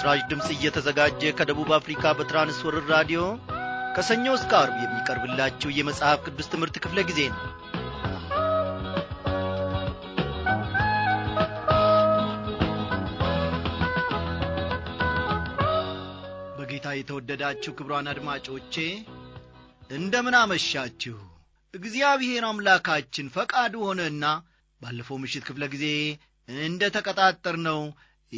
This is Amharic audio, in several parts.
ለምስራች ድምፅ እየተዘጋጀ ከደቡብ አፍሪካ በትራንስወርር ራዲዮ ከሰኞ እስከ አርብ የሚቀርብላችሁ የመጽሐፍ ቅዱስ ትምህርት ክፍለ ጊዜ ነው በጌታ የተወደዳችሁ ክብሯን አድማጮቼ እንደምን አመሻችሁ እግዚአብሔር አምላካችን ፈቃዱ ሆነና ባለፈው ምሽት ክፍለ ጊዜ እንደ ተቀጣጠር ነው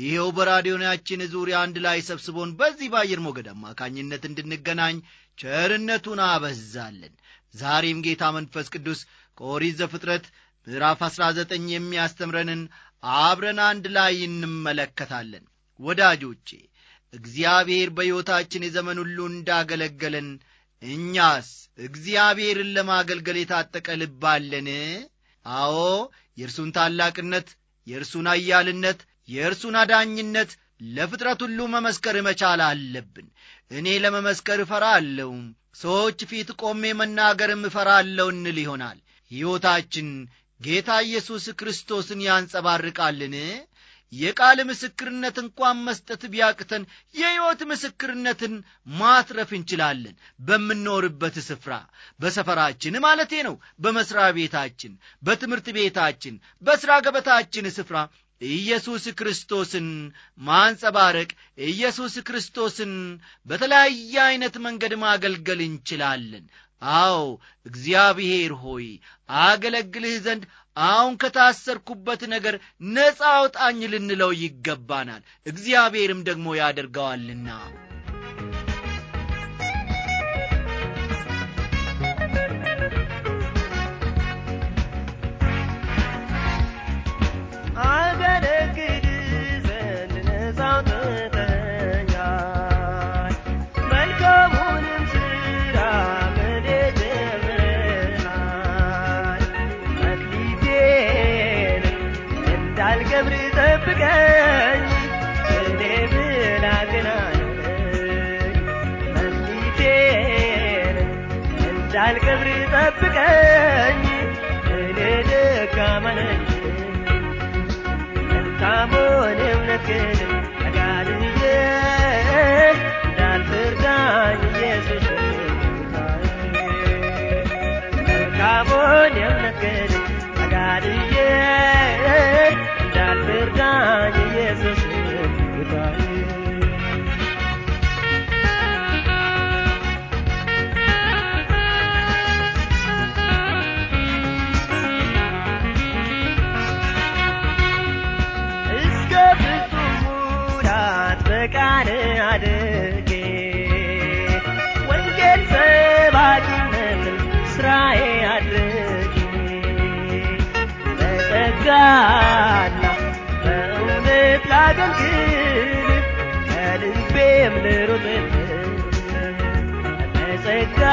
ይኸው በራዲዮናችን ዙሪያ አንድ ላይ ሰብስቦን በዚህ በአየር ሞገድ አማካኝነት እንድንገናኝ ቸርነቱን አበዛለን። ዛሬም ጌታ መንፈስ ቅዱስ ከኦሪት ዘፍጥረት ምዕራፍ አሥራ ዘጠኝ የሚያስተምረንን አብረን አንድ ላይ እንመለከታለን። ወዳጆቼ እግዚአብሔር በሕይወታችን የዘመን ሁሉ እንዳገለገለን እኛስ እግዚአብሔርን ለማገልገል የታጠቀ ልባለን አዎ የእርሱን ታላቅነት የእርሱን አያልነት የእርሱን አዳኝነት ለፍጥረት ሁሉ መመስከር መቻል አለብን እኔ ለመመስከር እፈራለሁ ሰዎች ፊት ቆሜ መናገርም እፈራለሁ እንል ይሆናል ሕይወታችን ጌታ ኢየሱስ ክርስቶስን ያንጸባርቃልን የቃል ምስክርነት እንኳን መስጠት ቢያቅተን የሕይወት ምስክርነትን ማትረፍ እንችላለን በምንኖርበት ስፍራ በሰፈራችን ማለቴ ነው በመሥሪያ ቤታችን በትምህርት ቤታችን በሥራ ገበታችን ስፍራ ኢየሱስ ክርስቶስን ማንጸባረቅ ኢየሱስ ክርስቶስን በተለያየ ዐይነት መንገድ ማገልገል እንችላለን አዎ እግዚአብሔር ሆይ አገለግልህ ዘንድ አሁን ከታሰርኩበት ነገር ነፃ አውጣኝ ልንለው ይገባናል እግዚአብሔርም ደግሞ ያደርገዋልና सके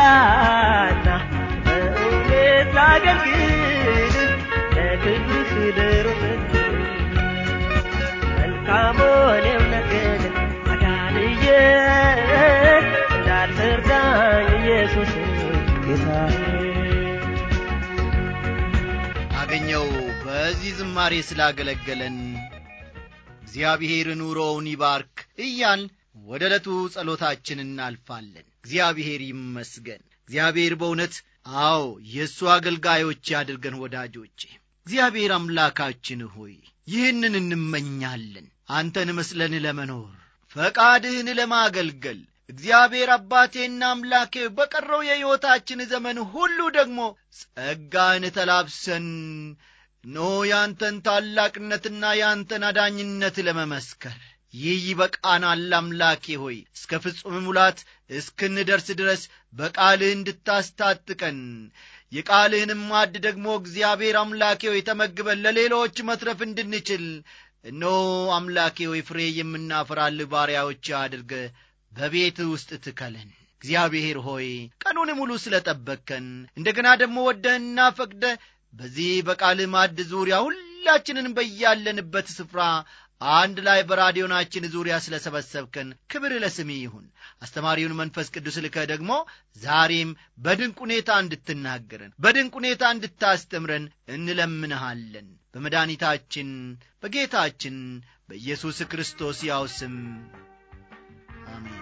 ልጽናና በእውነት ላገልግል ለክብር ስደርስ መልካሙንም ነገር አዳንየ እንዳልፈርዳኝ ኢየሱስ ጌታዬ አገኘው በዚህ ዝማሬ ስላገለገለን እግዚአብሔር ኑሮውን ይባርክ እያል ወደ ዕለቱ ጸሎታችን እናልፋለን እግዚአብሔር ይመስገን። እግዚአብሔር በእውነት አዎ የእሱ አገልጋዮች ያድርገን። ወዳጆቼ እግዚአብሔር አምላካችን ሆይ ይህንን እንመኛለን፣ አንተን መስለን ለመኖር ፈቃድህን ለማገልገል እግዚአብሔር አባቴና አምላኬ በቀረው የሕይወታችን ዘመን ሁሉ ደግሞ ጸጋን ተላብሰን ኖ ያንተን ታላቅነትና ያንተን አዳኝነት ለመመስከር ይህ ይበቃናል። አምላኬ ሆይ እስከ ፍጹም ሙላት እስክንደርስ ድረስ በቃልህ እንድታስታጥቀን የቃልህንም ማድ ደግሞ እግዚአብሔር አምላኬ ሆይ ተመግበን ለሌሎች መትረፍ እንድንችል እኖ አምላኬ ሆይ ፍሬ የምናፈራልህ ባሪያዎች አድርገ በቤት ውስጥ ትከለን። እግዚአብሔር ሆይ ቀኑን ሙሉ ስለ ጠበቅከን እንደገና ደግሞ ወደህና ፈቅደ በዚህ በቃልህ ማድ ዙሪያ ሁላችንን በያለንበት ስፍራ አንድ ላይ በራዲዮናችን ዙሪያ ስለ ሰበሰብከን ክብር ለስሚ ይሁን። አስተማሪውን መንፈስ ቅዱስ ልከህ ደግሞ ዛሬም በድንቅ ሁኔታ እንድትናገረን፣ በድንቅ ሁኔታ እንድታስተምረን እንለምንሃለን። በመድኃኒታችን በጌታችን በኢየሱስ ክርስቶስ ያው ስም አሜን።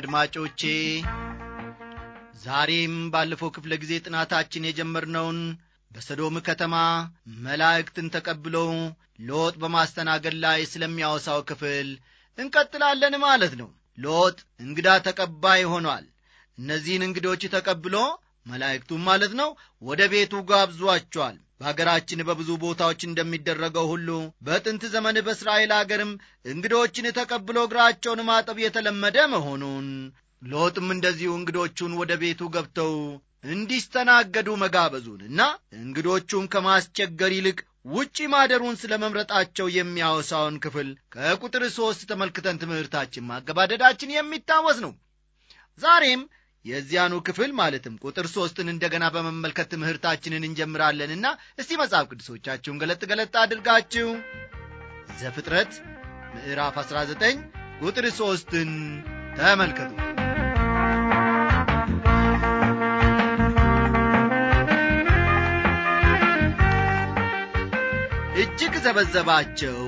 አድማጮቼ ዛሬም ባለፈው ክፍለ ጊዜ ጥናታችን የጀመርነውን በሰዶም ከተማ መላእክትን ተቀብለው ሎጥ በማስተናገድ ላይ ስለሚያወሳው ክፍል እንቀጥላለን ማለት ነው። ሎጥ እንግዳ ተቀባይ ሆኗል። እነዚህን እንግዶች ተቀብሎ መላእክቱም ማለት ነው ወደ ቤቱ ጋብዟቸዋል። በሀገራችን በብዙ ቦታዎች እንደሚደረገው ሁሉ በጥንት ዘመን በእስራኤል አገርም እንግዶችን ተቀብሎ እግራቸውን ማጠብ የተለመደ መሆኑን ሎጥም እንደዚሁ እንግዶቹን ወደ ቤቱ ገብተው እንዲስተናገዱ መጋበዙንና እንግዶቹም ከማስቸገር ይልቅ ውጪ ማደሩን ስለ መምረጣቸው የሚያወሳውን ክፍል ከቁጥር ሦስት ተመልክተን ትምህርታችን ማገባደዳችን የሚታወስ ነው። ዛሬም የዚያኑ ክፍል ማለትም ቁጥር ሦስትን እንደገና በመመልከት ትምህርታችንን እንጀምራለንና እስቲ መጽሐፍ ቅዱሶቻችሁን ገለጥ ገለጥ አድርጋችሁ ዘፍጥረት ምዕራፍ 19 ቁጥር ሦስትን ተመልከቱ። እጅግ ዘበዘባቸው፣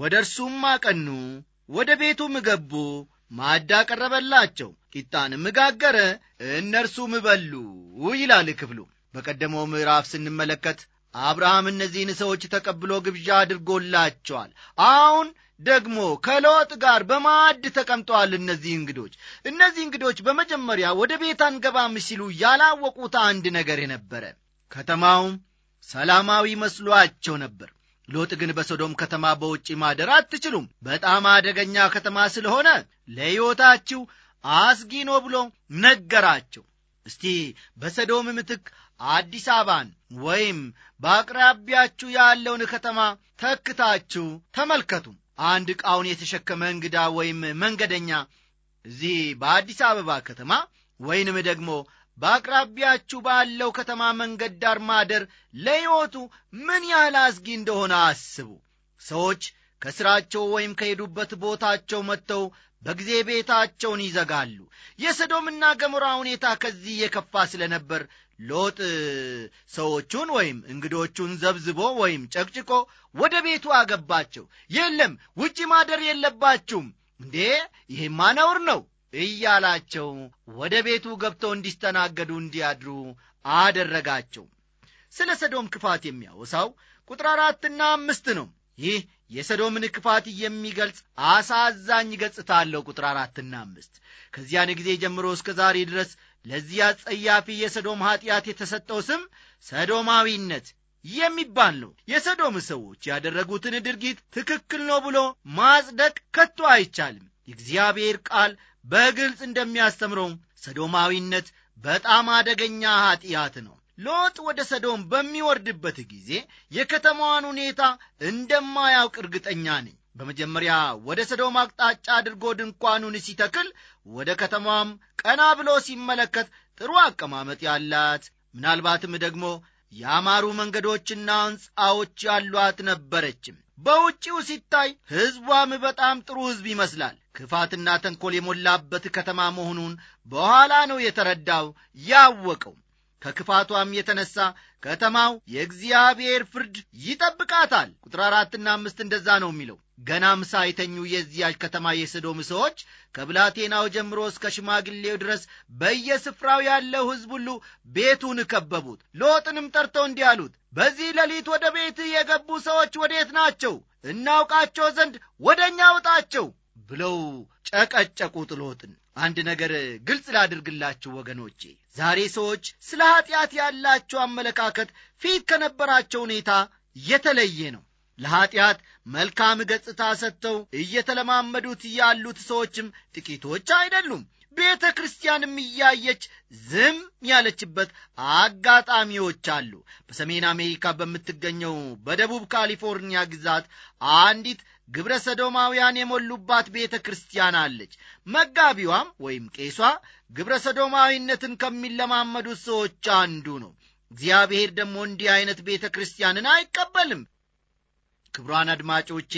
ወደ እርሱም አቀኑ፣ ወደ ቤቱም ገቡ፣ ማዳ ቀረበላቸው ቂጣንም ጋገረ፣ እነርሱም በሉ ይላል ክፍሉ። በቀደመው ምዕራፍ ስንመለከት አብርሃም እነዚህን ሰዎች ተቀብሎ ግብዣ አድርጎላቸዋል። አሁን ደግሞ ከሎጥ ጋር በማዕድ ተቀምጠዋል። እነዚህ እንግዶች እነዚህ እንግዶች በመጀመሪያ ወደ ቤት አንገባም ሲሉ ያላወቁት አንድ ነገር የነበረ ከተማውም ሰላማዊ መስሏቸው ነበር። ሎጥ ግን በሶዶም ከተማ በውጪ ማደር አትችሉም፣ በጣም አደገኛ ከተማ ስለሆነ ለሕይወታችሁ አስጊ ነው ብሎ ነገራቸው። እስቲ በሰዶም ምትክ አዲስ አበባን ወይም በአቅራቢያችሁ ያለውን ከተማ ተክታችሁ ተመልከቱ። አንድ ዕቃውን የተሸከመ እንግዳ ወይም መንገደኛ እዚህ በአዲስ አበባ ከተማ ወይንም ደግሞ በአቅራቢያችሁ ባለው ከተማ መንገድ ዳር ማደር ለሕይወቱ ምን ያህል አስጊ እንደሆነ አስቡ። ሰዎች ከሥራቸው ወይም ከሄዱበት ቦታቸው መጥተው በጊዜ ቤታቸውን ይዘጋሉ። የሰዶምና ገሞራ ሁኔታ ከዚህ የከፋ ስለነበር ሎጥ ሰዎቹን ወይም እንግዶቹን ዘብዝቦ ወይም ጨቅጭቆ ወደ ቤቱ አገባቸው። የለም ውጪ ማደር የለባችሁም እንዴ ይሄማ ነውር ነው እያላቸው ወደ ቤቱ ገብተው እንዲስተናገዱ እንዲያድሩ አደረጋቸው። ስለ ሰዶም ክፋት የሚያወሳው ቁጥር አራትና አምስት ነው። ይህ የሰዶምን ክፋት የሚገልጽ አሳዛኝ ገጽታ አለው። ቁጥር አራትና አምስት ከዚያን ጊዜ ጀምሮ እስከ ዛሬ ድረስ ለዚህ አጸያፊ የሰዶም ኀጢአት የተሰጠው ስም ሰዶማዊነት የሚባል ነው። የሰዶም ሰዎች ያደረጉትን ድርጊት ትክክል ነው ብሎ ማጽደቅ ከቶ አይቻልም። የእግዚአብሔር ቃል በግልጽ እንደሚያስተምረው ሰዶማዊነት በጣም አደገኛ ኀጢአት ነው። ሎጥ ወደ ሰዶም በሚወርድበት ጊዜ የከተማዋን ሁኔታ እንደማያውቅ እርግጠኛ ነኝ። በመጀመሪያ ወደ ሰዶም አቅጣጫ አድርጎ ድንኳኑን ሲተክል ወደ ከተማዋም ቀና ብሎ ሲመለከት ጥሩ አቀማመጥ ያላት ምናልባትም ደግሞ ያማሩ መንገዶችና ሕንፃዎች ያሏት ነበረችም። በውጪው ሲታይ ሕዝቧም በጣም ጥሩ ሕዝብ ይመስላል። ክፋትና ተንኮል የሞላበት ከተማ መሆኑን በኋላ ነው የተረዳው ያወቀው። ከክፋቷም የተነሳ ከተማው የእግዚአብሔር ፍርድ ይጠብቃታል። ቁጥር አራትና አምስት እንደዛ ነው የሚለው። ገናም ሳይተኙ የዚያች ከተማ የሰዶም ሰዎች ከብላቴናው ጀምሮ እስከ ሽማግሌው ድረስ በየስፍራው ያለው ሕዝብ ሁሉ ቤቱን ከበቡት። ሎጥንም ጠርተው እንዲህ አሉት፣ በዚህ ሌሊት ወደ ቤት የገቡ ሰዎች ወዴት ናቸው? እናውቃቸው ዘንድ ወደ እኛ ውጣቸው ብለው ጨቀጨቁት ሎጥን። አንድ ነገር ግልጽ ላድርግላችሁ ወገኖቼ። ዛሬ ሰዎች ስለ ኀጢአት ያላቸው አመለካከት ፊት ከነበራቸው ሁኔታ የተለየ ነው። ለኀጢአት መልካም ገጽታ ሰጥተው እየተለማመዱት ያሉት ሰዎችም ጥቂቶች አይደሉም። ቤተ ክርስቲያንም እያየች ዝም ያለችበት አጋጣሚዎች አሉ። በሰሜን አሜሪካ በምትገኘው በደቡብ ካሊፎርኒያ ግዛት አንዲት ግብረ ሰዶማውያን የሞሉባት ቤተ ክርስቲያን አለች። መጋቢዋም ወይም ቄሷ ግብረ ሰዶማዊነትን ከሚለማመዱት ሰዎች አንዱ ነው። እግዚአብሔር ደግሞ እንዲህ ዐይነት ቤተ ክርስቲያንን አይቀበልም። ክቡራን አድማጮቼ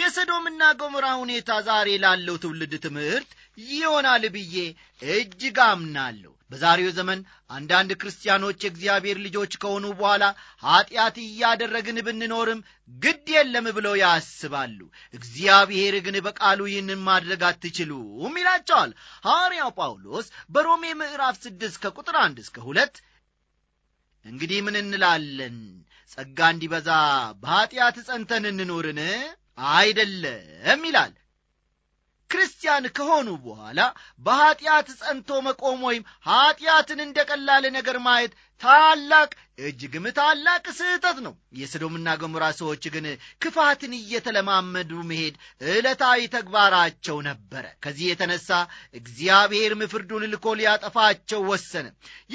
የሰዶምና ገሞራ ሁኔታ ዛሬ ላለው ትውልድ ትምህርት ይሆናል ብዬ እጅግ አምናለሁ። በዛሬው ዘመን አንዳንድ ክርስቲያኖች የእግዚአብሔር ልጆች ከሆኑ በኋላ ኀጢአት እያደረግን ብንኖርም ግድ የለም ብለው ያስባሉ። እግዚአብሔር ግን በቃሉ ይህንን ማድረግ አትችሉም ይላቸዋል። ሐዋርያው ጳውሎስ በሮሜ ምዕራፍ ስድስት ከቁጥር አንድ እስከ ሁለት እንግዲህ ምን እንላለን? ጸጋ እንዲበዛ በኀጢአት ጸንተን እንኖርን አይደለም ይላል። ክርስቲያን ከሆኑ በኋላ በኀጢአት ጸንቶ መቆም ወይም ኀጢአትን እንደ ቀላል ነገር ማየት ታላቅ እጅግም ታላቅ ስህተት ነው። የሰዶምና ገሞራ ሰዎች ግን ክፋትን እየተለማመዱ መሄድ ዕለታዊ ተግባራቸው ነበረ። ከዚህ የተነሳ እግዚአብሔር ምፍርዱን ልኮ ሊያጠፋቸው ወሰነ።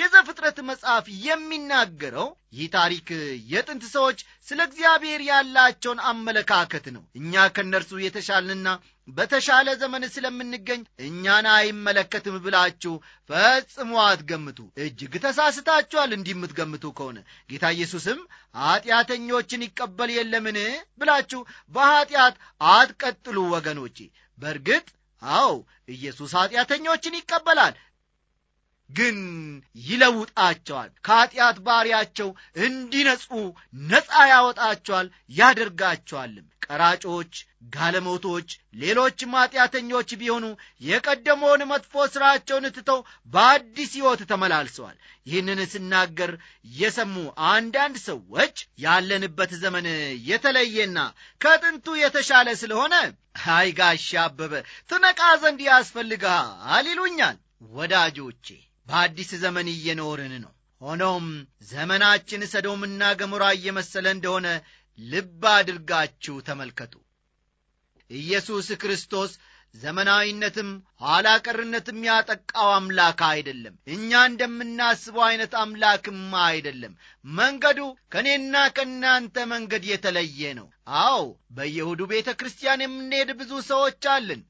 የዘፍጥረት መጽሐፍ የሚናገረው ይህ ታሪክ የጥንት ሰዎች ስለ እግዚአብሔር ያላቸውን አመለካከት ነው። እኛ ከእነርሱ የተሻልንና በተሻለ ዘመን ስለምንገኝ እኛን አይመለከትም ብላችሁ ፈጽሞ አትገምቱ። እጅግ ተሳስታችኋል። እንዲህ የምትገምቱ ከሆነ ጌታ ኢየሱስም ኀጢአተኞችን ይቀበል የለምን ብላችሁ በኀጢአት አትቀጥሉ ወገኖቼ። በእርግጥ አዎ ኢየሱስ ኀጢአተኞችን ይቀበላል፣ ግን ይለውጣቸዋል። ከኀጢአት ባሪያቸው እንዲነጹ ነጻ ያወጣቸዋል፣ ያደርጋቸዋልም። ቀራጮች፣ ጋለሞቶች፣ ሌሎችም ማጢአተኞች ቢሆኑ የቀደመውን መጥፎ ሥራቸውን ትተው በአዲስ ሕይወት ተመላልሰዋል። ይህንን ስናገር የሰሙ አንዳንድ ሰዎች ያለንበት ዘመን የተለየና ከጥንቱ የተሻለ ስለሆነ አይ ጋሽ አበበ ትነቃ ዘንድ ያስፈልግሃል ይሉኛል። ወዳጆቼ በአዲስ ዘመን እየኖርን ነው። ሆኖም ዘመናችን ሰዶምና ገሞራ እየመሰለ እንደሆነ ልብ አድርጋችሁ ተመልከቱ። ኢየሱስ ክርስቶስ ዘመናዊነትም ኋላቀርነትም ያጠቃው አምላክ አይደለም። እኛ እንደምናስበው አይነት አምላክም አይደለም። መንገዱ ከእኔና ከእናንተ መንገድ የተለየ ነው። አዎ፣ በየእሁዱ ቤተ ክርስቲያን የምንሄድ ብዙ ሰዎች አለን።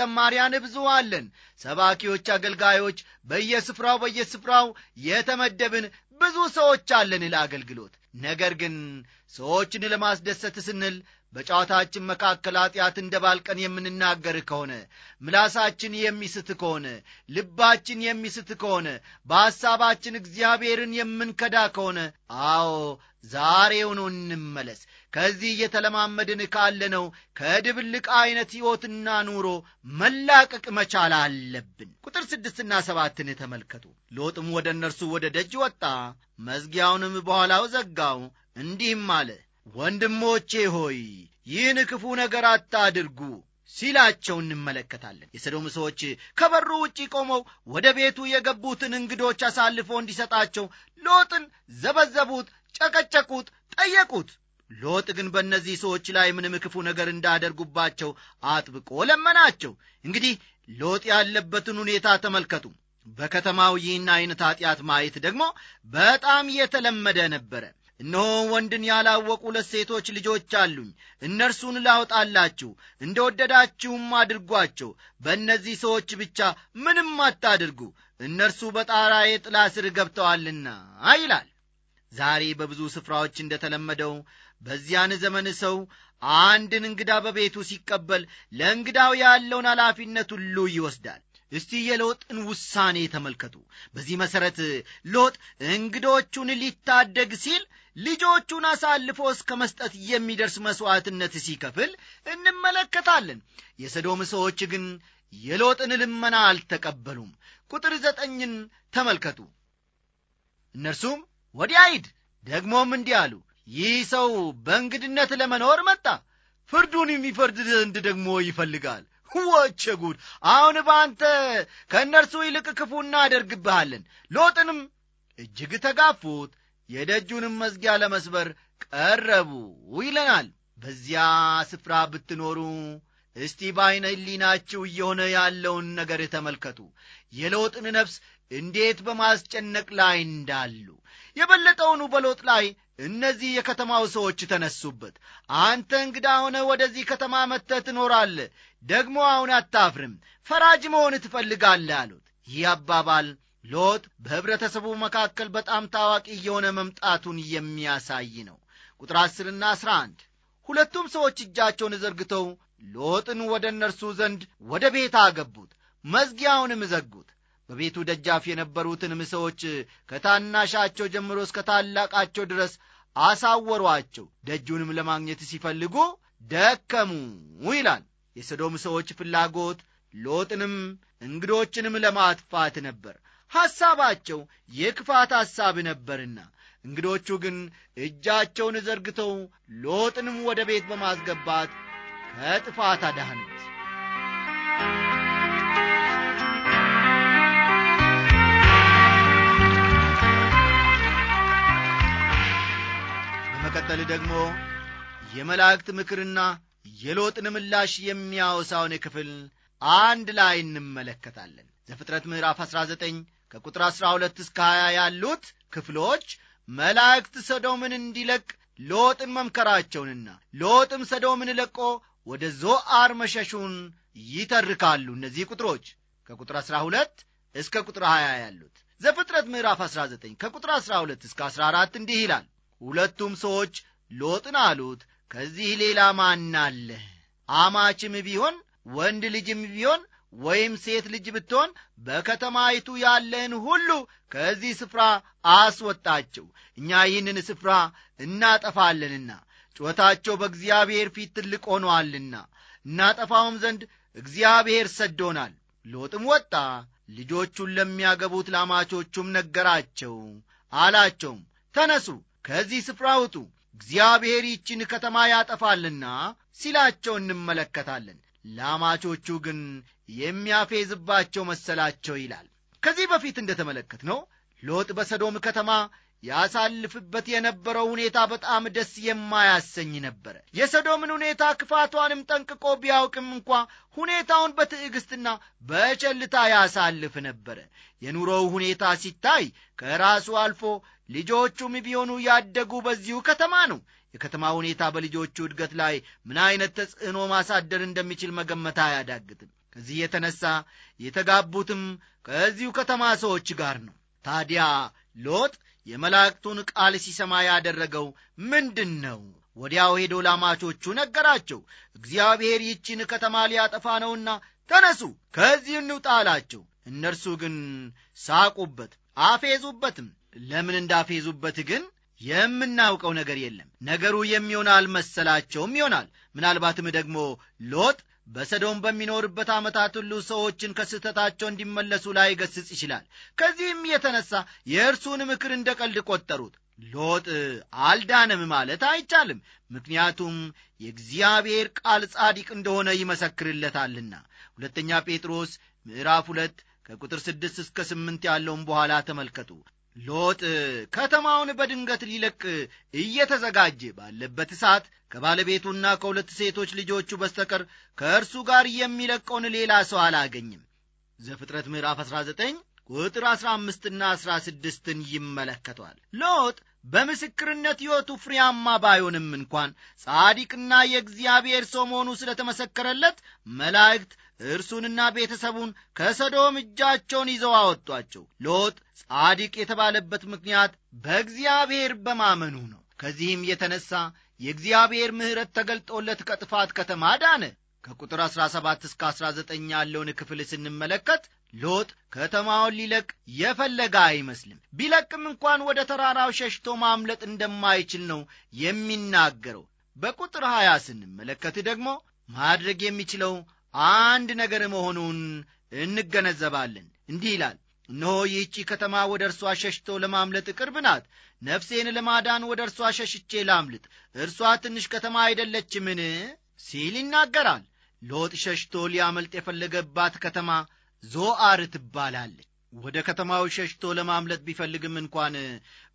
ዘማሪያን ብዙ አለን። ሰባኪዎች፣ አገልጋዮች በየስፍራው በየስፍራው የተመደብን ብዙ ሰዎች አለን ለአገልግሎት ነገር ግን ሰዎችን ለማስደሰት ስንል በጨዋታችን መካከል እንደ ባልቀን የምንናገር ከሆነ ምላሳችን የሚስት ከሆነ ልባችን የሚስት ከሆነ በሐሳባችን እግዚአብሔርን የምንከዳ ከሆነ አዎ ዛሬውኑ እንመለስ ከዚህ እየተለማመድን ካለነው ከድብልቅ ዐይነት ሕይወትና ኑሮ መላቀቅ መቻል አለብን። ቁጥር ስድስትና ሰባትን ተመልከቱ። ሎጥም ወደ እነርሱ ወደ ደጅ ወጣ፣ መዝጊያውንም በኋላው ዘጋው፣ እንዲህም አለ ወንድሞቼ ሆይ ይህን ክፉ ነገር አታድርጉ ሲላቸው እንመለከታለን። የሰዶም ሰዎች ከበሩ ውጪ ቆመው ወደ ቤቱ የገቡትን እንግዶች አሳልፎ እንዲሰጣቸው ሎጥን ዘበዘቡት፣ ጨቀጨቁት፣ ጠየቁት። ሎጥ ግን በእነዚህ ሰዎች ላይ ምንም ክፉ ነገር እንዳደርጉባቸው አጥብቆ ለመናቸው። እንግዲህ ሎጥ ያለበትን ሁኔታ ተመልከቱ። በከተማው ይህን አይነት ኃጢአት ማየት ደግሞ በጣም የተለመደ ነበረ። እነሆ ወንድን ያላወቁ ሁለት ሴቶች ልጆች አሉኝ፣ እነርሱን ላውጣላችሁ፣ እንደ ወደዳችሁም አድርጓቸው፣ በእነዚህ ሰዎች ብቻ ምንም አታድርጉ፣ እነርሱ በጣራዬ ጥላ ስር ገብተዋልና ይላል። ዛሬ በብዙ ስፍራዎች እንደተለመደው በዚያን ዘመን ሰው አንድን እንግዳ በቤቱ ሲቀበል ለእንግዳው ያለውን ኃላፊነት ሁሉ ይወስዳል። እስቲ የሎጥን ውሳኔ ተመልከቱ። በዚህ መሠረት ሎጥ እንግዶቹን ሊታደግ ሲል ልጆቹን አሳልፎ እስከ መስጠት የሚደርስ መሥዋዕትነት ሲከፍል እንመለከታለን። የሰዶም ሰዎች ግን የሎጥን ልመና አልተቀበሉም። ቁጥር ዘጠኝን ተመልከቱ። እነርሱም ወዲያ ሂድ። ደግሞም እንዲህ አሉ፣ ይህ ሰው በእንግድነት ለመኖር መጣ፣ ፍርዱን የሚፈርድ ዘንድ ደግሞ ይፈልጋል። ወቸ ጉድ! አሁን በአንተ ከእነርሱ ይልቅ ክፉ እናደርግብሃለን። ሎጥንም እጅግ ተጋፉት፣ የደጁንም መዝጊያ ለመስበር ቀረቡ ይለናል። በዚያ ስፍራ ብትኖሩ እስቲ በዐይነ ሕሊናችሁ እየሆነ ያለውን ነገር ተመልከቱ። የሎጥን ነፍስ እንዴት በማስጨነቅ ላይ እንዳሉ የበለጠውኑ በሎጥ ላይ እነዚህ የከተማው ሰዎች ተነሱበት። አንተ እንግዳ ሆነ ወደዚህ ከተማ መተ ትኖራለ ደግሞ አሁን አታፍርም፣ ፈራጅ መሆን ትፈልጋለ አሉት። ይህ አባባል ሎጥ በኅብረተሰቡ መካከል በጣም ታዋቂ እየሆነ መምጣቱን የሚያሳይ ነው። ቁጥር ዐሥርና ዐሥራ አንድ ሁለቱም ሰዎች እጃቸውን ዘርግተው ሎጥን ወደ እነርሱ ዘንድ ወደ ቤት አገቡት መዝጊያውንም ዘጉት በቤቱ ደጃፍ የነበሩትንም ሰዎች ከታናሻቸው ጀምሮ እስከ ታላቃቸው ድረስ አሳወሯቸው ደጁንም ለማግኘት ሲፈልጉ ደከሙ ይላል የሰዶም ሰዎች ፍላጎት ሎጥንም እንግዶችንም ለማጥፋት ነበር ሐሳባቸው የክፋት ሐሳብ ነበርና እንግዶቹ ግን እጃቸውን ዘርግተው ሎጥንም ወደ ቤት በማስገባት ከጥፋት አዳህኑት በመቀጠል ደግሞ የመላእክት ምክርና የሎጥን ምላሽ የሚያወሳውን ክፍል አንድ ላይ እንመለከታለን። ዘፍጥረት ምዕራፍ 19 ከቁጥር 12 እስከ 20 ያሉት ክፍሎች መላእክት ሰዶምን እንዲለቅ ሎጥን መምከራቸውንና ሎጥም ሰዶምን ለቆ ወደ ዞአር መሸሹን ይተርካሉ። እነዚህ ቁጥሮች ከቁጥር 12 እስከ ቁጥር 20 ያሉት ዘፍጥረት ምዕራፍ 19 ከቁጥር 12 እስከ 14 እንዲህ ይላል ሁለቱም ሰዎች ሎጥን አሉት ከዚህ ሌላ ማናለ አማችም ቢሆን ወንድ ልጅም ቢሆን ወይም ሴት ልጅ ብትሆን በከተማይቱ ያለህን ሁሉ ከዚህ ስፍራ አስወጣቸው፣ እኛ ይህንን ስፍራ እናጠፋለንና ጩኸታቸው በእግዚአብሔር ፊት ትልቅ ሆኖአልና እናጠፋውም ዘንድ እግዚአብሔር ሰዶናል። ሎጥም ወጣ፣ ልጆቹን ለሚያገቡት ላማቾቹም ነገራቸው። አላቸውም ተነሱ ከዚህ ስፍራ ውጡ፣ እግዚአብሔር ይችን ከተማ ያጠፋልና ሲላቸው እንመለከታለን። ላማቾቹ ግን የሚያፌዝባቸው መሰላቸው ይላል። ከዚህ በፊት እንደተመለከትነው ሎጥ በሰዶም ከተማ ያሳልፍበት የነበረው ሁኔታ በጣም ደስ የማያሰኝ ነበረ። የሰዶምን ሁኔታ ክፋቷንም ጠንቅቆ ቢያውቅም እንኳ ሁኔታውን በትዕግሥትና በቸልታ ያሳልፍ ነበረ። የኑሮው ሁኔታ ሲታይ ከራሱ አልፎ ልጆቹም ቢሆኑ ያደጉ በዚሁ ከተማ ነው። የከተማ ሁኔታ በልጆቹ እድገት ላይ ምን አይነት ተጽዕኖ ማሳደር እንደሚችል መገመት አያዳግትም። ከዚህ የተነሳ የተጋቡትም ከዚሁ ከተማ ሰዎች ጋር ነው። ታዲያ ሎጥ የመላእክቱን ቃል ሲሰማ ያደረገው ምንድን ነው? ወዲያው ሄዶ ላማቾቹ ነገራቸው። እግዚአብሔር ይቺን ከተማ ሊያጠፋ ነውና ተነሱ፣ ከዚህ እንውጣ አላቸው። እነርሱ ግን ሳቁበት፣ አፌዙበትም። ለምን እንዳፌዙበት ግን የምናውቀው ነገር የለም። ነገሩ የሚሆን አልመሰላቸውም ይሆናል። ምናልባትም ደግሞ ሎጥ በሰዶም በሚኖርበት ዓመታት ሁሉ ሰዎችን ከስህተታቸው እንዲመለሱ ገስጽ ይችላል። ከዚህም የተነሳ የእርሱን ምክር እንደ ቀልድ ቈጠሩት። ሎጥ አልዳነም ማለት አይቻልም። ምክንያቱም የእግዚአብሔር ቃል ጻዲቅ እንደሆነ ይመሰክርለታልና። ሁለተኛ ጴጥሮስ ምዕራፍ ሁለት ከቁጥር ስድስት እስከ ስምንት ያለውን በኋላ ተመልከቱ። ሎጥ ከተማውን በድንገት ሊለቅ እየተዘጋጀ ባለበት ሰዓት ከባለቤቱና ከሁለት ሴቶች ልጆቹ በስተቀር ከእርሱ ጋር የሚለቀውን ሌላ ሰው አላገኝም። ዘፍጥረት ምዕራፍ 19 ቁጥር አሥራ አምስትና አሥራ ስድስትን ይመለከቷል። ሎጥ በምስክርነት ሕይወቱ ፍሬያማ ባይሆንም እንኳን ጻዲቅና የእግዚአብሔር ሰው መሆኑ ስለ ተመሰከረለት መላእክት እርሱንና ቤተሰቡን ከሰዶም እጃቸውን ይዘው አወጧቸው። ሎጥ ጻዲቅ የተባለበት ምክንያት በእግዚአብሔር በማመኑ ነው። ከዚህም የተነሳ የእግዚአብሔር ምሕረት ተገልጦለት ከጥፋት ከተማ ዳነ። ከቁጥር 17 እስከ 19 ያለውን ክፍል ስንመለከት ሎጥ ከተማውን ሊለቅ የፈለገ አይመስልም። ቢለቅም እንኳን ወደ ተራራው ሸሽቶ ማምለጥ እንደማይችል ነው የሚናገረው። በቁጥር 20 ስንመለከት ደግሞ ማድረግ የሚችለው አንድ ነገር መሆኑን እንገነዘባለን። እንዲህ ይላል እነሆ ይህቺ ከተማ ወደ እርሷ ሸሽቶ ለማምለጥ ቅርብ ናት። ነፍሴን ለማዳን ወደ እርሷ ሸሽቼ ላምልጥ። እርሷ ትንሽ ከተማ አይደለችምን? ሲል ይናገራል። ሎጥ ሸሽቶ ሊያመልጥ የፈለገባት ከተማ ዞአር ትባላለች። ወደ ከተማው ሸሽቶ ለማምለጥ ቢፈልግም እንኳን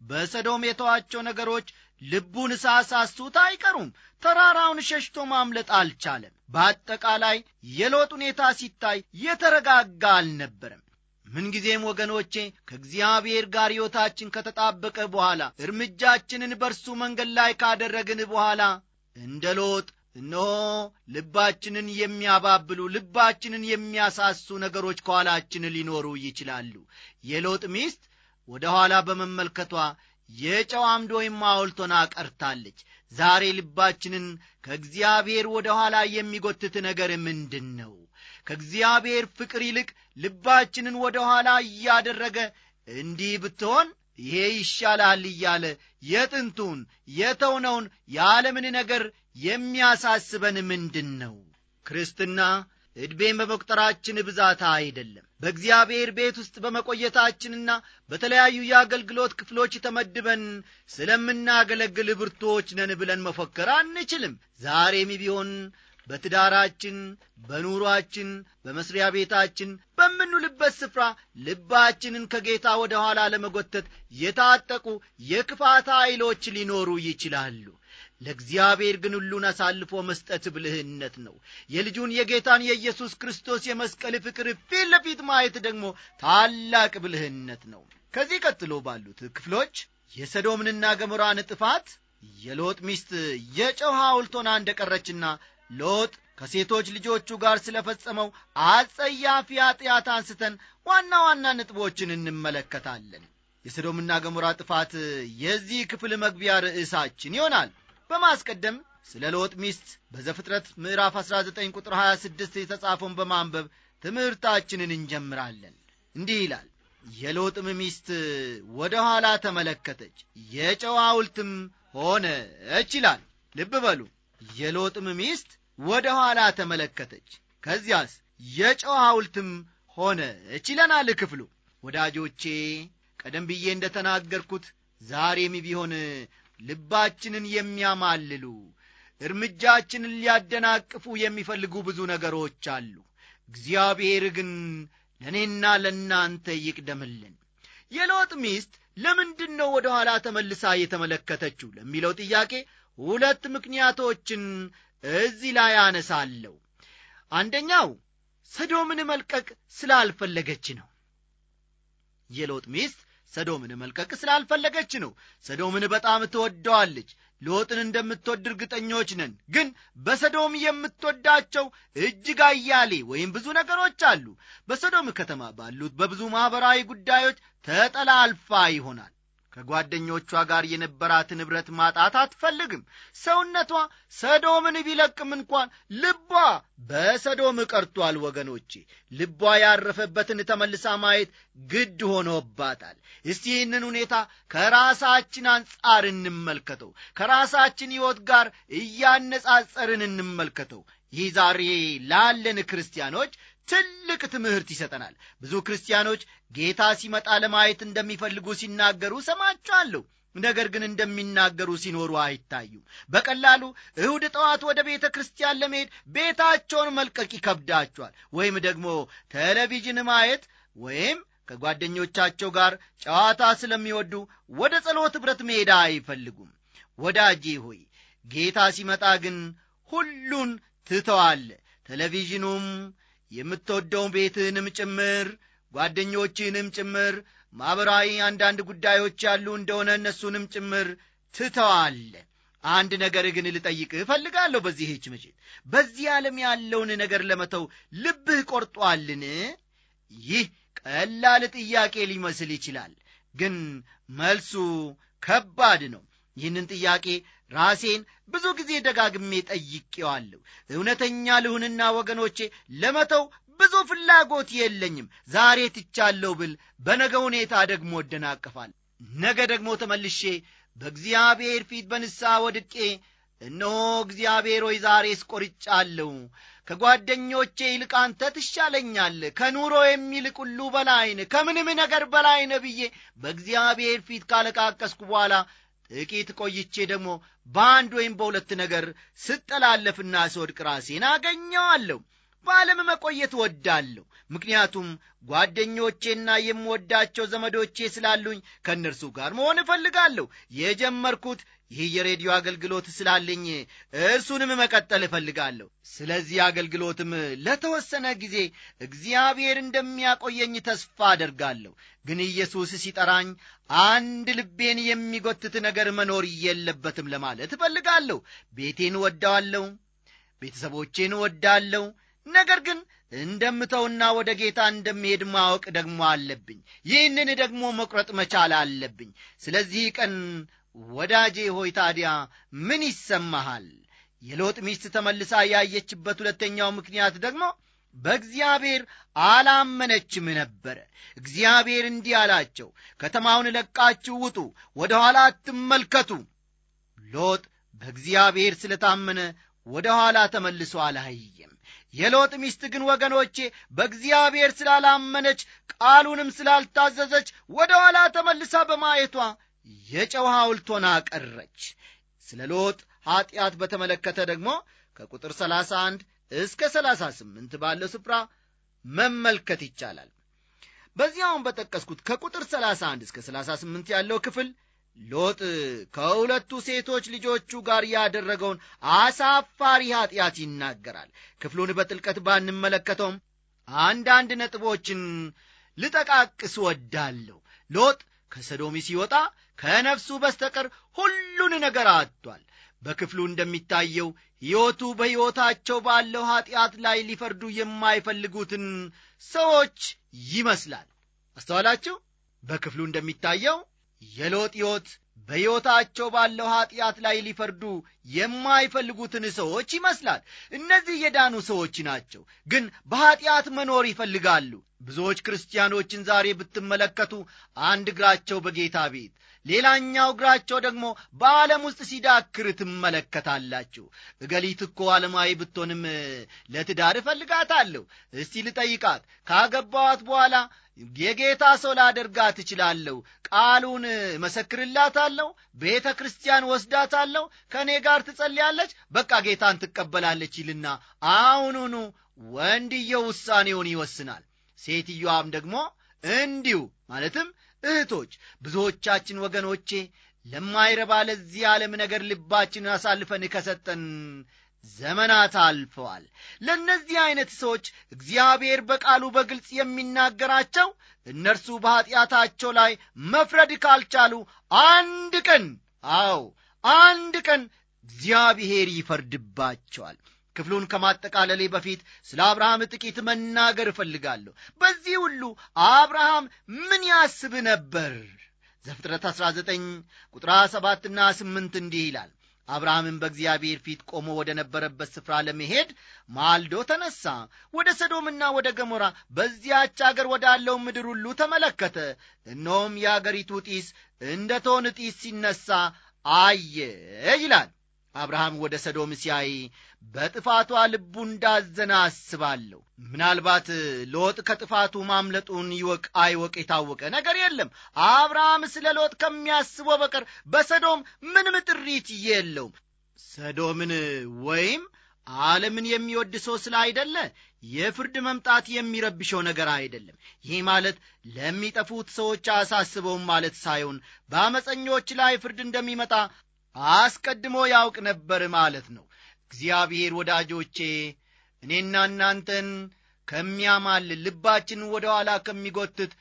በሰዶም የተዋቸው ነገሮች ልቡን ሳሳሱት አይቀሩም። ተራራውን ሸሽቶ ማምለጥ አልቻለም። በአጠቃላይ የሎጥ ሁኔታ ሲታይ የተረጋጋ አልነበረም። ምንጊዜም ወገኖቼ ከእግዚአብሔር ጋር ሕይወታችን ከተጣበቀ በኋላ እርምጃችንን በእርሱ መንገድ ላይ ካደረግን በኋላ እንደ ሎጥ እነሆ ልባችንን የሚያባብሉ ልባችንን የሚያሳሱ ነገሮች ከኋላችን ሊኖሩ ይችላሉ የሎጥ ሚስት ወደ ኋላ በመመልከቷ የጨው አምድ ወይም ሐውልት ቀርታለች ዛሬ ልባችንን ከእግዚአብሔር ወደ ኋላ የሚጎትት ነገር ምንድን ነው ከእግዚአብሔር ፍቅር ይልቅ ልባችንን ወደ ኋላ እያደረገ እንዲህ ብትሆን ይሄ ይሻላል እያለ የጥንቱን የተውነውን የዓለምን ነገር የሚያሳስበን ምንድን ነው? ክርስትና ዕድሜን በመቁጠራችን ብዛታ አይደለም። በእግዚአብሔር ቤት ውስጥ በመቆየታችንና በተለያዩ የአገልግሎት ክፍሎች ተመድበን ስለምናገለግል ብርቶች ነን ብለን መፈከር አንችልም። ዛሬም ቢሆን በትዳራችን፣ በኑሯችን፣ በመስሪያ ቤታችን፣ በምንውልበት ስፍራ ልባችንን ከጌታ ወደ ኋላ ለመጎተት የታጠቁ የክፋት ኃይሎች ሊኖሩ ይችላሉ። ለእግዚአብሔር ግን ሁሉን አሳልፎ መስጠት ብልህነት ነው። የልጁን የጌታን የኢየሱስ ክርስቶስ የመስቀል ፍቅር ፊት ለፊት ማየት ደግሞ ታላቅ ብልህነት ነው። ከዚህ ቀጥሎ ባሉት ክፍሎች የሰዶምንና ገሞራን ጥፋት፣ የሎጥ ሚስት የጨው ሐውልት ሆና እንደቀረችና ሎጥ ከሴቶች ልጆቹ ጋር ስለ ፈጸመው አጸያፊ አጥያት አንስተን ዋና ዋና ነጥቦችን እንመለከታለን። የሰዶምና ገሞራ ጥፋት የዚህ ክፍል መግቢያ ርዕሳችን ይሆናል። በማስቀደም ስለ ሎጥ ሚስት በዘፍጥረት ምዕራፍ 19 ቁጥር 26 የተጻፈውን በማንበብ ትምህርታችንን እንጀምራለን። እንዲህ ይላል የሎጥም ሚስት ወደ ኋላ ተመለከተች፣ የጨው ሐውልትም ሆነች ይላል። ልብ በሉ የሎጥም ሚስት ወደ ኋላ ተመለከተች። ከዚያስ የጨው ሐውልትም ሆነች ይለናል ክፍሉ። ወዳጆቼ ቀደም ብዬ እንደ ተናገርኩት ዛሬም ቢሆን ልባችንን የሚያማልሉ እርምጃችንን ሊያደናቅፉ የሚፈልጉ ብዙ ነገሮች አሉ። እግዚአብሔር ግን ለእኔና ለእናንተ ይቅደምልን። የሎጥ ሚስት ለምንድን ነው ወደ ኋላ ተመልሳ የተመለከተችው ለሚለው ጥያቄ ሁለት ምክንያቶችን እዚህ ላይ አነሳለሁ። አንደኛው ሰዶምን መልቀቅ ስላልፈለገች ነው። የሎጥ ሚስት ሰዶምን መልቀቅ ስላልፈለገች ነው። ሰዶምን በጣም ትወደዋለች። ሎጥን እንደምትወድ እርግጠኞች ነን። ግን በሰዶም የምትወዳቸው እጅግ አያሌ ወይም ብዙ ነገሮች አሉ። በሰዶም ከተማ ባሉት በብዙ ማኅበራዊ ጉዳዮች ተጠላልፋ ይሆናል። ከጓደኞቿ ጋር የነበራት ንብረት ማጣት አትፈልግም። ሰውነቷ ሰዶምን ቢለቅም እንኳን ልቧ በሰዶም ቀርቷል። ወገኖቼ ልቧ ያረፈበትን ተመልሳ ማየት ግድ ሆኖባታል። እስቲ ይህንን ሁኔታ ከራሳችን አንጻር እንመልከተው። ከራሳችን ሕይወት ጋር እያነጻጸርን እንመልከተው። ይህ ዛሬ ላለን ክርስቲያኖች ትልቅ ትምህርት ይሰጠናል ብዙ ክርስቲያኖች ጌታ ሲመጣ ለማየት እንደሚፈልጉ ሲናገሩ ሰማቸዋለሁ ነገር ግን እንደሚናገሩ ሲኖሩ አይታዩም በቀላሉ እሁድ ጠዋት ወደ ቤተ ክርስቲያን ለመሄድ ቤታቸውን መልቀቅ ይከብዳቸዋል ወይም ደግሞ ቴሌቪዥን ማየት ወይም ከጓደኞቻቸው ጋር ጨዋታ ስለሚወዱ ወደ ጸሎት ኅብረት መሄድ አይፈልጉም ወዳጄ ሆይ ጌታ ሲመጣ ግን ሁሉን ትተዋለ ቴሌቪዥኑም የምትወደውን ቤትህንም ጭምር ጓደኞችህንም ጭምር ማኅበራዊ አንዳንድ ጉዳዮች ያሉ እንደሆነ እነሱንም ጭምር ትተዋለ አንድ ነገር ግን ልጠይቅህ እፈልጋለሁ ህች ምሽት በዚህ ዓለም ያለውን ነገር ለመተው ልብህ ቆርጧልን ይህ ቀላል ጥያቄ ሊመስል ይችላል ግን መልሱ ከባድ ነው ይህንን ጥያቄ ራሴን ብዙ ጊዜ ደጋግሜ ጠይቄዋለሁ። እውነተኛ ልሁንና ወገኖቼ ለመተው ብዙ ፍላጎት የለኝም። ዛሬ ትቻለሁ ብል በነገ ሁኔታ ደግሞ እደናቀፋል። ነገ ደግሞ ተመልሼ በእግዚአብሔር ፊት በንስሐ ወድቄ እነሆ እግዚአብሔር ሆይ ዛሬ ስቆርጫለሁ፣ ከጓደኞቼ ይልቅ አንተ ትሻለኛል፣ ከኑሮ የሚልቅ ሁሉ በላይ ከምንም ነገር በላይን ብዬ በእግዚአብሔር ፊት ካለቃቀስኩ በኋላ ጥቂት ቆይቼ ደግሞ በአንድ ወይም በሁለት ነገር ስጠላለፍና ስወድቅ ራሴን አገኘዋለሁ። በዓለም መቆየት ወዳለሁ። ምክንያቱም ጓደኞቼና የምወዳቸው ዘመዶቼ ስላሉኝ ከእነርሱ ጋር መሆን እፈልጋለሁ። የጀመርኩት ይህ የሬዲዮ አገልግሎት ስላለኝ እርሱንም መቀጠል እፈልጋለሁ። ስለዚህ አገልግሎትም ለተወሰነ ጊዜ እግዚአብሔር እንደሚያቆየኝ ተስፋ አደርጋለሁ። ግን ኢየሱስ ሲጠራኝ አንድ ልቤን የሚጎትት ነገር መኖር የለበትም ለማለት እፈልጋለሁ። ቤቴን እወዳዋለሁ፣ ቤተሰቦቼን እወዳለሁ። ነገር ግን እንደምተውና ወደ ጌታ እንደምሄድ ማወቅ ደግሞ አለብኝ። ይህንን ደግሞ መቁረጥ መቻል አለብኝ። ስለዚህ ቀን ወዳጄ ሆይ ታዲያ ምን ይሰማሃል? የሎጥ ሚስት ተመልሳ ያየችበት ሁለተኛው ምክንያት ደግሞ በእግዚአብሔር አላመነችም ነበረ። እግዚአብሔር እንዲህ አላቸው፣ ከተማውን ለቃችሁ ውጡ፣ ወደ ኋላ አትመልከቱ። ሎጥ በእግዚአብሔር ስለታመነ ወደ ኋላ ተመልሶ አላየም። የሎጥ ሚስት ግን ወገኖቼ በእግዚአብሔር ስላላመነች ቃሉንም ስላልታዘዘች ወደ ኋላ ተመልሳ በማየቷ የጨው ሐውልት አቀረች። ስለ ሎጥ ኀጢአት በተመለከተ ደግሞ ከቁጥር 31 እስከ 38 ባለው ስፍራ መመልከት ይቻላል። በዚያውም በጠቀስኩት ከቁጥር 31 እስከ 38 ያለው ክፍል ሎጥ ከሁለቱ ሴቶች ልጆቹ ጋር ያደረገውን አሳፋሪ ኀጢአት ይናገራል። ክፍሉን በጥልቀት ባንመለከተውም አንዳንድ ነጥቦችን ልጠቃቅስ ወዳለሁ። ሎጥ ከሰዶሚ ሲወጣ ከነፍሱ በስተቀር ሁሉን ነገር አጥቷል። በክፍሉ እንደሚታየው ሕይወቱ በሕይወታቸው ባለው ኀጢአት ላይ ሊፈርዱ የማይፈልጉትን ሰዎች ይመስላል። አስተዋላችሁ? በክፍሉ እንደሚታየው የሎጥ ሕይወት በሕይወታቸው ባለው ኀጢአት ላይ ሊፈርዱ የማይፈልጉትን ሰዎች ይመስላል። እነዚህ የዳኑ ሰዎች ናቸው፣ ግን በኀጢአት መኖር ይፈልጋሉ። ብዙዎች ክርስቲያኖችን ዛሬ ብትመለከቱ አንድ እግራቸው በጌታ ቤት ሌላኛው እግራቸው ደግሞ በዓለም ውስጥ ሲዳክር ትመለከታላችሁ። እገሊት እኮ ዓለማዊ ብትሆንም ለትዳር እፈልጋታለሁ፣ እስቲ ልጠይቃት፣ ካገባዋት በኋላ የጌታ ሰው ላደርጋት እችላለሁ፣ ቃሉን መሰክርላታለሁ፣ ቤተ ክርስቲያን ወስዳታለሁ፣ ከእኔ ጋር ትጸልያለች፣ በቃ ጌታን ትቀበላለች ይልና አሁኑኑ ወንድየው ውሳኔውን ይወስናል። ሴትዮዋም ደግሞ እንዲሁ ማለትም እህቶች ብዙዎቻችን ወገኖቼ ለማይረባ ለዚህ ዓለም ነገር ልባችንን አሳልፈን ከሰጠን ዘመናት አልፈዋል። ለእነዚህ ዐይነት ሰዎች እግዚአብሔር በቃሉ በግልጽ የሚናገራቸው እነርሱ በኀጢአታቸው ላይ መፍረድ ካልቻሉ አንድ ቀን አዎ አንድ ቀን እግዚአብሔር ይፈርድባቸዋል። ክፍሉን ከማጠቃለሌ በፊት ስለ አብርሃም ጥቂት መናገር እፈልጋለሁ። በዚህ ሁሉ አብርሃም ምን ያስብ ነበር? ዘፍጥረት 19 ቁጥር 7ና 8 እንዲህ ይላል። አብርሃምን በእግዚአብሔር ፊት ቆሞ ወደ ነበረበት ስፍራ ለመሄድ ማልዶ ተነሳ። ወደ ሰዶምና ወደ ገሞራ በዚያች አገር ወዳለው ምድር ሁሉ ተመለከተ። እነሆም የአገሪቱ ጢስ እንደ ቶን ጢስ ሲነሳ አየ ይላል። አብርሃም ወደ ሰዶም ሲያይ በጥፋቷ ልቡ እንዳዘነ አስባለሁ። ምናልባት ሎጥ ከጥፋቱ ማምለጡን ይወቅ አይወቅ የታወቀ ነገር የለም። አብርሃም ስለ ሎጥ ከሚያስበው በቀር በሰዶም ምንም ጥሪት የለውም። ሰዶምን ወይም ዓለምን የሚወድ ሰው ስለ አይደለ የፍርድ መምጣት የሚረብሸው ነገር አይደለም። ይህ ማለት ለሚጠፉት ሰዎች አሳስበውም ማለት ሳይሆን በአመፀኞች ላይ ፍርድ እንደሚመጣ አስቀድሞ ያውቅ ነበር ማለት ነው። እግዚአብሔር ወዳጆቼ እኔና እናንተን ከሚያማል ልባችን ወደ ኋላ ከሚጎትት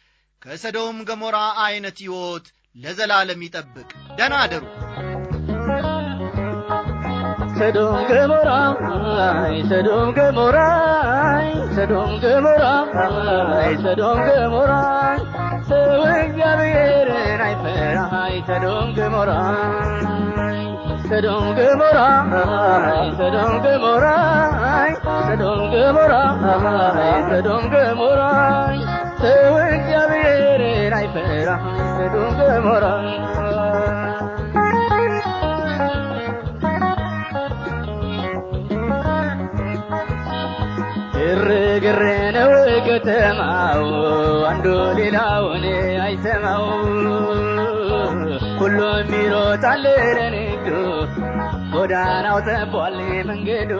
ከሰዶም ገሞራ ዐይነት ሕይወት ለዘላለም ይጠብቅ። ደና አደሩ። ሰዶም ገሞራ ሰዶም ገሞራ ሰዶም ገሞራ ሰዶም ገሞራ ሰው እግዚአብሔርን አይፈራ ሰዶም ገሞራ Sodom Gomorrah, Sodom Gomorrah, Sodom Gomorrah, Sodom Gomorrah. ሰው እግዚአብሔርን አይፈራ ሰዶም ገሞራ ግርግር ነው ከተማው አንዱ ሌላውን አይሰማው ሁሉም ይሮጣል ለኔ ጎዳናው ጠቧል መንገዱ